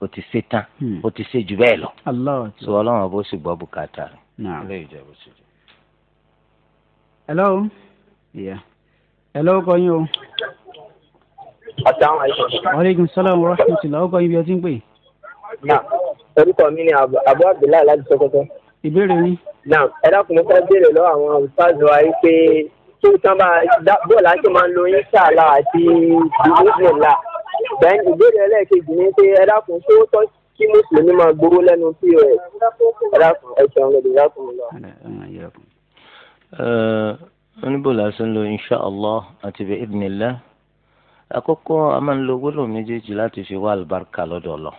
o ti ṣe tán o hmm. ti ṣe jù bẹ́ẹ̀ lọ so ọlọ́run ọba ó sì gbọ́ bùkátà rẹ̀. hello yeah. hello kọ́ yín o. asalaamualeykum. aleykum salaam wa rahmatulah ọkọ ibi ọtí ń pè. náà orúkọ mi ni abu abdullahi láti Sókótó. ìbéèrè yín. náà ẹ dákun mo fẹ́ béèrè lọ́wọ́ àwọn olùfàzọ́ wa yìí pé kí n sábà bọ́ọ̀lù àti máa ń lo yín sáà láà àti ìdílé ìlà bẹ́ẹ̀ ìbéèrè ẹlẹ́ẹ̀kejì ni pé ẹ dákun ṣé ó tọ́ kí mùsùlùmí máa gbowó lẹ́nu pos ẹ dákun ẹ ṣeun lọ́dọ̀ dákun lọ. oníbò lásán lo insha allah àti bi idnillah àkókò a máa ń lo gbólóhùn méjèèjì láti fi wá àlùbáríkà lọ́dọ̀ lọ.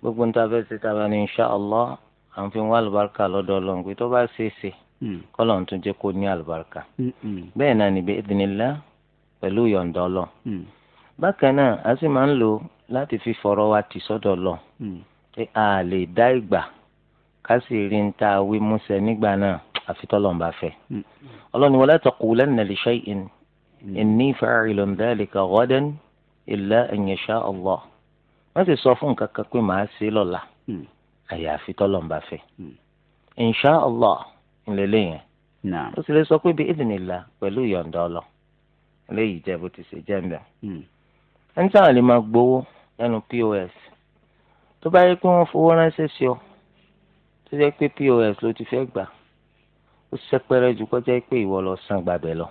gbogbo ń ta fẹ́ ṣe ta bá ní insha allah à ń fi wá àlùbáríkà lọ́dọ̀ lọ nígbà tó bá ṣe é ṣe hmm. kọ́lọ̀ ń tún jẹ́ kó ní àlùbáríkà. Hmm, hmm. bẹ́ẹ̀ náà ni bi idnillah pẹ̀lú yọ̀ǹda ọlọ́ bákan náà a sì máa ń lò láti fi fọ̀rọ̀ wa tì sọ́dọ̀ lọ hmm. pé a lè dá ìgbà ká sì rí n ta wí músẹ nígbà náà àfi tọ́lọ́run bá fẹ́ hmm. ọlọ́ni wala taqulanna li shay'in hmm. inni fa'ilun dhalika ghadan illa an yasha Allah wọ́n sì sọ fún nǹkan kan pé màá ṣe lọ́la àyàfi tọ́lọ́run bá fẹ́ insha Allah ńlẹ́lẹ́ yẹn ó sì lè sọ pé bi idhnillah pẹ̀lú ìyọ̀ǹda ọlọ́ eléyìí jẹ́ bó ti ṣe jẹ́ ń bẹ̀ ẹni sáà lè máa gbowó lẹ́nu pos tó bá yẹ pé wọ́n fowó ránṣẹ́ sí ọ tó jẹ́ pé pos ló ti fẹ́ gbà ó sẹ́pẹ́rẹ́ ju kọjá pé ìwọ lọ san gbàbẹ̀ lọ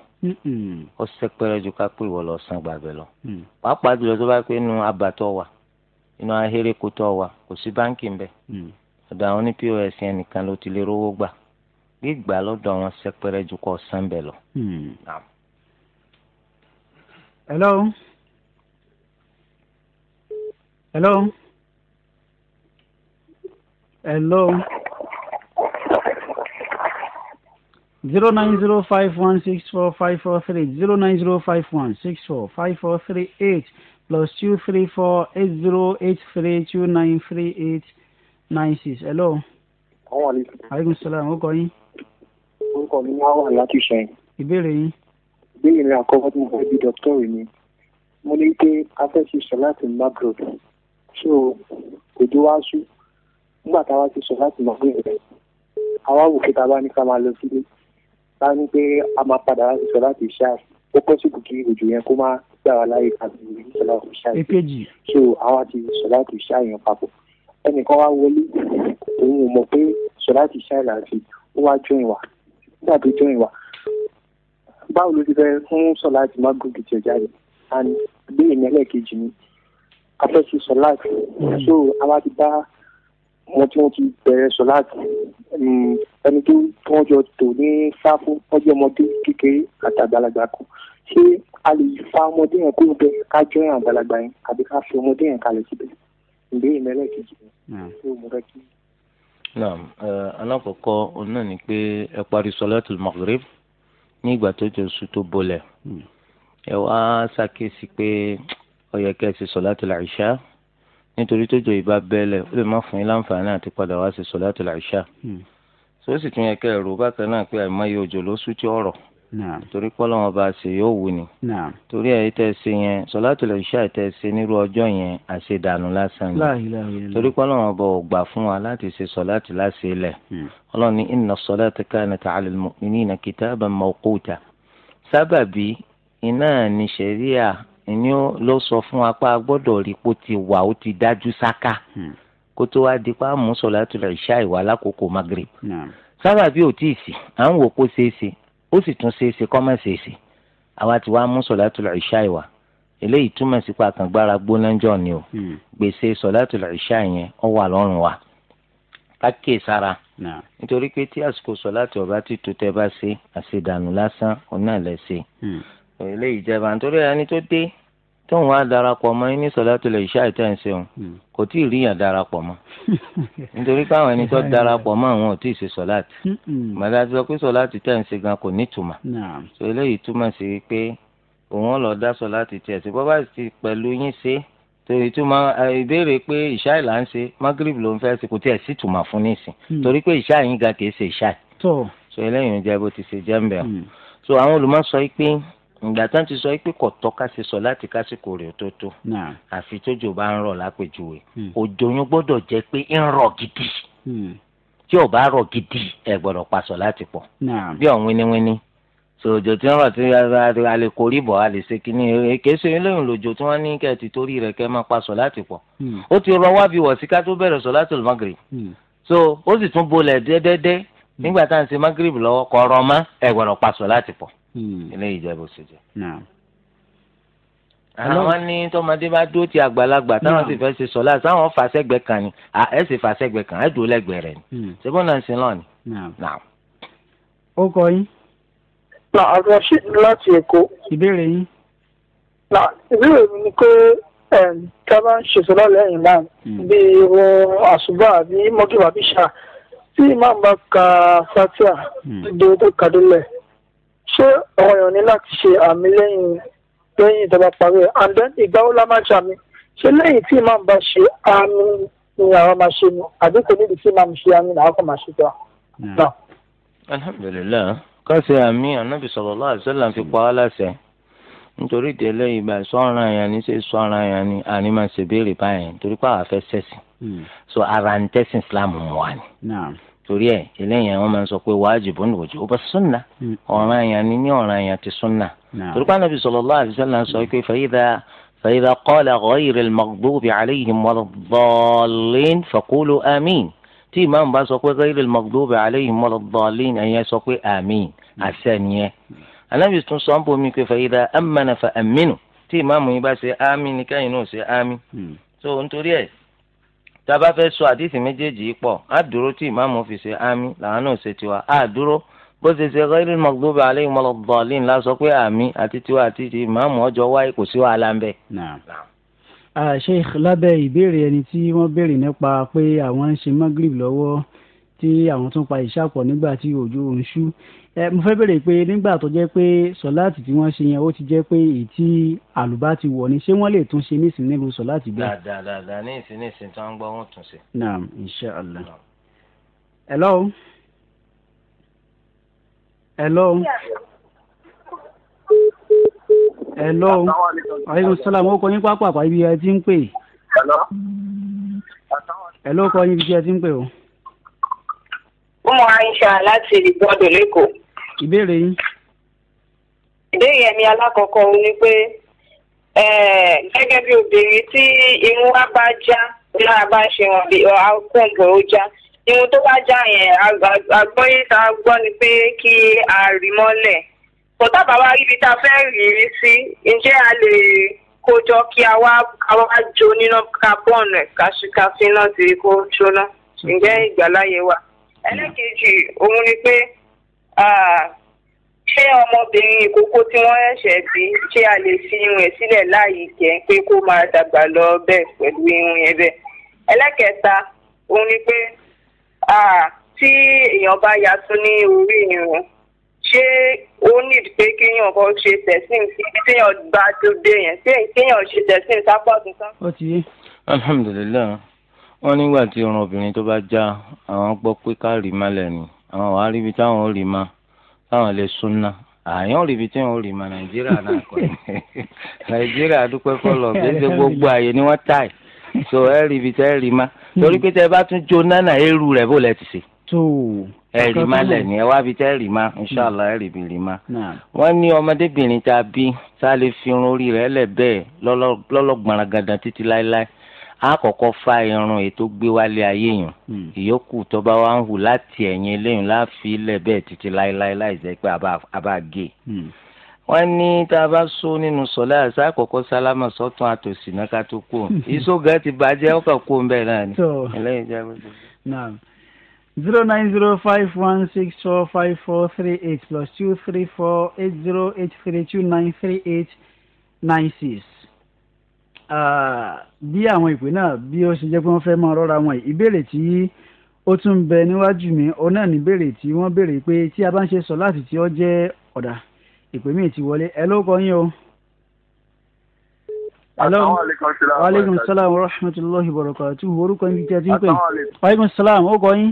ó sẹ́pẹ́rẹ́ ju ká pé ìwọ lọ san gbàbẹ̀ lọ mm. pàápàá jùlọ tó bá pé inú abàtọ̀ wà inú ahérékótọ̀ wà kò sí báńkì ńbẹ̀ mm. ọ̀dọ̀ àwọn ní pos yẹn nìkan ló ti lè rówó gbà gbígbà lọ́dọ̀ àwọn sẹ́pẹ́rẹ́ ju kọ́ san bẹ̀ lọ. Mm. hello hello hello zero nine zero five one six four five four three zero nine zero five one six four five four three eight plus two three four eight zero eight three two nine three eight nine six. hello. àwọn àlejò. aleykum salaam ó kọ yín. orúkọ mi wá wà láti ṣẹ́yìn. ìbéèrè yín. ìbéèrè mi àkọ́kọ́ tí mo fẹ́ bí dọ́kítọ́rì ni mo ní pé a fẹ́ sọ láti maghrib so òjò wá sú nígbà táwa ti sọ láti mọ̀ pé ìrẹ̀ àwa wò kíta bá ní ká máa lọ sílé bá ní pé a máa padà wá sí sọ láti ṣáà ó pẹ́ sí kùkì òjò yẹn kó má gbà wá láyé àti sọ láti ṣáà yẹn so àwa ti sọ láti ṣáà yẹn papọ̀ ẹnìkan wá wọlé òun ò mọ̀ pé sọ láti ṣáà yẹn àti ó wá jọ ìwà nígbà tó jọ ìwà báwo ló ti fẹ́ fún sọ láti má gòkè tí ó jáde and bí ìmẹ́lẹ̀ kejì ni afẹ́ ṣe sọ̀láàtì so àwa ti bá wọn tí wọ́n ti bẹ̀rẹ̀ sọ̀láàtì mm, ẹni tó wọ́n jọ tò ní sáfù wọ́n jẹ́ ọmọdé kékeré àti àgbàlagbà kù ṣé a lè fa ọmọdé yẹn kúrò bẹ́ẹ̀ ká jẹ́ àgbàlagbà yẹn àbí ká fi ọmọdé yẹn kalẹ̀ síbẹ̀ ìbéèrè mẹ́lẹ̀ kejì ni mm. mo fẹ́ kí. naam alákọ̀ọ́kọ́ òun náà ni pé ẹ parí sọ̀láàtì maghrib ní ìgbà tó jẹ́ oṣù tó bolẹ̀ mm. ẹ wá ṣàkíyèsí pé ó yẹ kẹ́ ẹ ṣe sọ̀láàtì làìṣá nítorí tójò ìbá bẹ́ẹ̀lẹ̀ ó lè má fún yín láǹfààní àti padà wá ṣe sọ̀láàtì làìṣá tó hmm. sì tún yẹ kẹ́ ẹ rò bákan náà pé àìmọye òjò ló sùn tí ọ̀rọ̀ torí pọ́lọ́ wọn bá ṣe yóò wù ní. torí ẹ̀ tẹ́ ṣe yẹn sọ̀láàtì làìṣá tẹ́ ṣe nírú ọjọ́ yẹn àṣedànù lásán ni torí pọ́lọ́ wọn bọ̀ gbà fún wa láti ṣe sọ̀láàtì láṣẹ ilẹ̀ hmm. ọlọ́ni inna sọ̀láàtì kanat ala al-mu'minina kitaban mawquta sábàbí iná ní ṣẹ̀ríà ìní ló sọ fún wa pé rí kó ti wà ó ti dájú sáká hmm. kó tó wá di pé a mú sọ̀látù ìṣá ìwà alákòókò magrib sábà bí ò tí ì sí à ń wò kó ṣeé ṣe ó sì tún ṣeé ṣe kọ́ mọ̀ ṣeé ṣe àwa ti wá mú sọ̀látù ìṣá ìwà eléyìí túmọ̀ sí pa àkàngbára gbónájọ́ ni o hmm. gbèsè sọ̀látù ìṣá yẹn ó wà lọ́rùn wa ká sára nítorí pé tí àsìkò sọ̀látù ọ̀bá ti tó tẹ́ bá ṣe àṣedànù lásán ọ̀nà lẹ́sẹ̀ ilé ìjẹba nítorí ẹni tó dé tóun wá darapọ̀ mọ́ ní sọ̀látùl ìṣá àìtẹ́ǹsẹ̀ òun hmm. kò tí ì ríyàn darapọ̀ mọ́ <laughs> nítorí káwọn ẹni tó darapọ̀ mọ́ àwọn ò tí ì ṣe sọ̀láàtì hmm. màdá ti sọ pé sọ̀láàtì tẹ̀ǹsẹ̀ gan kò ní ìtumọ̀ sọ eléyìí túmọ̀ sí pé òun lọ dá sọ̀láàtì tiẹ̀ sí bọ́bá ti pẹ̀lú yín ṣe torí túmọ̀ ìbéèrè pé ìṣá ìlà ń ṣe magrib ló ń fẹ́ ṣe kò tiẹ̀ sí ìtumọ̀ fún nísìn hmm. torí pé ìṣá yín ga kì ṣe ìṣá so eléyìí ń jẹ́ bó ti ṣe jẹ́ ń bẹ̀rù so àwọn olùmọ̀ sọ pé ìgbà tán ti sọ pé kò tọ́ka ṣe sọ láti kásìkò rẹ̀ tó tó àfi tójò bá ń rọ̀ lápèjúwe hmm. òjò yín gbọ́dọ̀ jẹ́ pé ń rọ̀ gidi hmm. tí ò bá rọ̀ gidi ẹ̀ gbọ́dọ̀ pa sọ láti pọ̀ bí ọ̀hún wíníwíní sòjò tí wọ́n rọ̀ tí a lè kórì bọ̀ a lè ṣe kínní èkéṣe e, eléyìí lòjò tí wọ́n ní kẹ́ ti torí rẹ̀ kẹ́ máa pa láti pọ̀ hmm. ó ti rọ wábi wọ̀ sí ká tó bẹ̀rẹ̀ sọ láti lọ́gìrì so ó sì tún bolẹ̀ dẹ́dẹ́dẹ́ nígbà tá à ń ṣe magrib lọ́wọ́ kọ́ ọ̀rọ̀ mọ́ ẹ̀ gbọ́dọ̀ láti pọ̀. Hmm. eléyìí jẹ́ bó ṣe jẹ́. àwọn ní tọmọdé bá dúró ti àgbàlagbà táwọn sì fẹ́ ṣe sọ láti sáwọn fàṣẹgbẹ kan ni ẹ sì fàṣẹgbẹ kan ẹ dúró lẹ́gbẹ̀ẹ́ rẹ̀ ni hmm. ṣébó náà ń sin lọ́ọ̀ni. ó kọ yín. na ọ̀rọ̀ ṣì láti èkó. ìbéèrè yín. na ìbéèrè mi ni pé tá bá ń ṣètò lọ́lẹ̀ náà hmm. bí irun àṣùbà àbí mọ́kìbà bíṣà tí ìmáàmù ka fatia tó dé tó ṣé ọ̀rọ̀ ní láti ṣe àmì lẹ́yìn lẹ́yìn ìjọba parí ẹ̀ and then ìgbà wo la máa ṣe àmì ṣé lẹ́yìn tí màá bá ṣe àmì ni àwọn máa ṣe ni àbí kò níbi tí màá ṣe àmì làwọn kò máa ṣe tó a. Hmm. alhamdulilayi káṣí àmì anabi sallallahu alaihi wasallam fi pa á láṣẹ nítorí ìdílé ìgbà sọ́ran yẹn ni ṣe sọ́ran yẹn ni àní máa ṣèbéèrè báyẹn torí pé àwọn afẹ́ sẹ́sìn hmm. so ara ń tẹ́sìn islam mọ́ wa ni torí ẹ eléyìí àwọn máa ń sọ pé wajibun wujuba sunna hmm. ọ̀ràn àyàn ni ní ọ̀ràn àyàn ti sunna torí pé Ànábì sallallahu alaihi wasallam sọ pé fa idha fa idha qala ghayril maghdubi alaihim waladdallin faqulu amin tí ìmáàmù bá sọ pé ghayril maghdubi alaihim waladdallin ẹ̀yẹ sọ pé amin àṣẹ nìyẹn Ànábì tún sọ ń pé fa idha fa aminu tí ìmáàmù hmm. so nítorí tába fẹ́ sọ àdìsí méjèèjì pọ̀ á dúró tí ìmáàmù fi ṣe àmì làwọn náà ṣe tiwa á dúró bó ṣe ṣe ghayril maghdubi alayhim waladdallin la sọ pé àmì àti tiwa àti ti ìmáàmù ọjọ́ wáyé kò sí wàhálà ń bẹ̀. Ah, Sheikh lábẹ́ ìbéèrè ẹni tí wọ́n béèrè nípa pé àwọn ń ṣe magrib lọ́wọ́ tí àwọn tún pa ìṣàpọ̀ nígbà tí òjò ń ṣú ẹ mo fẹ́ bèrè pé nígbà tó jẹ́ pé sọ̀láàtì tí wọ́n ṣe yẹn ó ti jẹ́ pé èyí àlùbá ti wọ̀ ni ṣé wọ́n lè tún ṣe nísìnyí nílùú sọ̀láàtì bẹ́ẹ̀. dáadáa ní ìsìn ní ìsìn tí wọ́n ń gbọ́ wọ́n tún ṣe. naam insha allah. hello. hello. hello. aleykum salaam ó kọ yín pápá àpá ibi ẹ ti ń pè. hello. hello kọ yín ibi tí ẹ ti ń pè o. Umu Aisha láti Ìgbọ́dọ̀ Lẹ́kọ̀ọ́. Ìbéèrè yín. Ìbéèrè mi alákọ̀ọ́kọ́ ni pé gẹ́gẹ́ bí obìnrin tí irun wa bá já lára bá ṣe hàn bí akóǹbọ̀ ó já irun tó bá já yẹn agbọ́yé a ni pé kí a rì mọ́lẹ̀ kò tábà wá ibi tá a fẹ́ sí ǹjẹ́ a lè kójọ kí a wá jó níná ẹlẹ́kejì òun ni pé ṣé ọmọbìnrin ìkókó tí wọ́n ṣẹ̀ṣẹ̀ bí ṣé a lè fi irun ẹ̀ sílẹ̀ láàyè kẹ́ pé kó máa dàgbà lọ bẹ́ẹ̀ pẹ̀lú irun yẹn bẹ́ẹ̀ ẹlẹ́kẹta òun ni pé tí èèyàn bá yàtú ní orí irun ṣé ó ní pé kéèyàn kan ṣe tẹ̀sìn síbi téèyàn bá tó dé yẹn kéèyàn ṣe tẹ̀sìn sápọ̀ tuntun. ó ti yé alhamdulilayi wọ́n nígbà tí irun obìnrin tó bá já àwọn gbọ́ pé ká rí má lẹ́nu àwọn wàá ríbi táwọn ò rí má táwọn lè súnná àyàn ríbi tí wọn ò rí má nàìjíríà náà kọ́ <laughs> nàìjíríà dúpẹ́ fọlọ́ gbèsè gbogbo àyè ni wọ́n tà so ẹ ríbi tẹ́ rí má torí pé tẹ́ bá tún jó nánà eérú rẹ̀ bó lẹ ti ṣe ẹ rí má lẹ́nu ẹ wá bi tẹ́ rí má inṣàlá ẹ ríbi rí má. wọ́n ní ọmọdébìnrin tá a bí tá a lè fi irun orí rẹ̀ lẹ̀ bẹ́ẹ̀ lọ́lọ́gbọ̀nrán títí láéláé a kọ́kọ́ fa irun ètò gbé wálé ayé yẹn hmm. ìyókù tó bá wá ń hù láti ẹ̀yìn eléyìí láàfin ilẹ̀ bẹ́ẹ̀ títí láéláé láì jẹ́ pé a bá gé hmm. wọ́n ní tá a bá sọ nínú sọlá àṣà àkọ́kọ́ sálámà sọ́tún àtòsí náà ká tó kú hmm. ìṣóga ti bàjẹ́ ọkọ̀ kú ń bẹ̀ náà ni zero nine zero five one six four five four three eight plus two three four eight zero eight three two nine three eight nine six bí àwọn ìpè náà bí ó ṣe jẹ́ pé wọ́n fẹ́ máa rọ́ra wọn ìbéèrè tí ó tún bẹ níwájú mi òun náà ní béèrè tí wọ́n béèrè pé tí a bá ń ṣe sọ láti tí ó jẹ́ ọ̀dà ìpè míì ti wọlé ẹ ló kọ yín o. Hello. Aleykum salaam wa rahmatulahi wa barakatuh. Orúkọ yín tí a ti ń pè. Aleykum salaam ó kọ yín.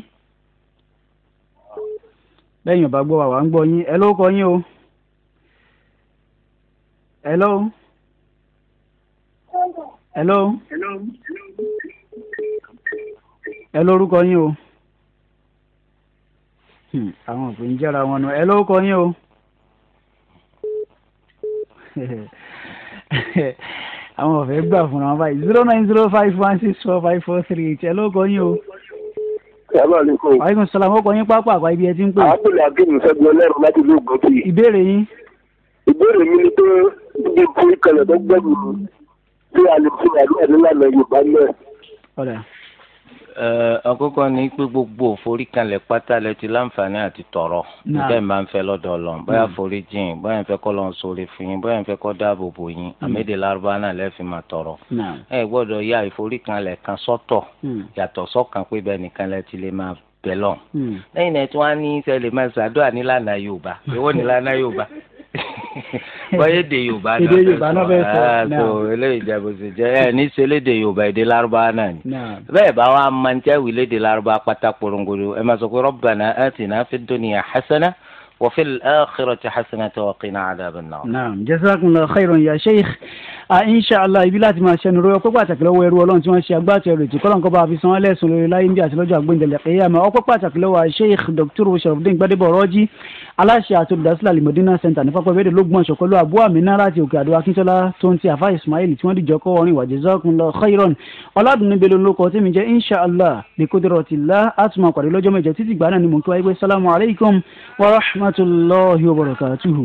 Lẹ́yìn ọ̀bá gbọ́ wa wà ń gbọ́ yín. Hello kọ yín o. Hello hello. hello. ẹ lórúkọ yín o. Hmm, àwọn òpin ń jára wọn nù ẹ lórúkọ yín o. <laughs> àwọn ọ̀fẹ́ gbà fún wọn báyìí zero nine zero five one six four five four three eight ẹ lórúkọ yín o. Assalamu alaikum. aleykum salaam ó kọ yín pápá àpá ibi ẹ ti ń pè. àbúlé akéwì sẹ́gun ọlẹ́run láti ló gbọ́ sí i. ìbéèrè yín. ìbéèrè mi ni pé ibi ìkórìkọlẹ̀ tó gbẹ́bùrú bí alùpùpù àbí àdúlànà yorùbá náà. àkọ́kọ́ ni pé gbogbo òforíkanlẹ̀ pátá lẹ ti láǹfààní àti tọrọ nígbà yẹn máa ń fẹ́ lọ́dọ̀ Ọlọ́run bóyá forí jìn bóyá ń fẹ́ kọ́ lọ́n sórí fún yín bóyá ń fẹ́ kọ́ dáàbò bò yín àmẹ́dẹ̀ lárúbá náà lẹ́fì máa tọrọ. ẹ gbọ́dọ̀ ya ìforíkanlẹ̀ kan sọ́tọ̀ hmm. yàtọ̀ sọ́kan pé bẹ́ẹ̀ nìkan lẹ ti lè máa bẹ̀ lọ́n. Hmm. lẹ́yìn náà tí wọ́n á ní sẹ́lẹ̀ máa ṣàdúrà nílànà yorùbá èwo nílànà yorùbá bọ́yé èdè yorùbá náà èdè yorùbá náà fẹ́ ah, eléyìí jẹ́ bó ṣe jẹ́ ní sẹ́lẹ̀ èdè yorùbá èdè lárúbá náà ni bẹ́ẹ̀ bá wa máa ń tẹ́wìlì èdè lárúbá pátá porongodo ẹ máa sọ pé rabbana atina fid dunya hasana. وفي الآخرة حسنة وقنا عذاب النار نعم جزاكم الله خيرا يا شيخ ان شاء allah ibi láti máa ṣẹnu ròyìn ọpẹ́ pàtàkì lọ́wọ́ ẹrú Ọlọ́run tí wọ́n ṣe agbátẹrù ètò kọlọǹkọ bá fi san án lẹ́sùn lórí láyé ní àti lọ́jọ́ àgbéǹdẹlẹ kéyàmà ọpẹ́ pàtàkì lọ́wọ́ sheikh dr sharafdin gbadebo ọrọjì aláṣẹ àti olùdásílẹ̀ alimọdínà center nípa pẹbẹdẹ lógún ọṣọkọlọ abu amina láti òkè àdó akíntola tó ń ti àfa ismail tí wọ́n dìjọ kọ orin wà jazakumullahu khairan ọládùnní belo lóko tí mi jẹ insha allah bí kúdúrọ̀ tìlá àtúmọ̀ pàdé lọ́jọ́ mẹ́jọ títí gbà náà ni mò ń kí wáyé pé sálámù alaykum wa rahmat rahmatulahi wa barakatuhu.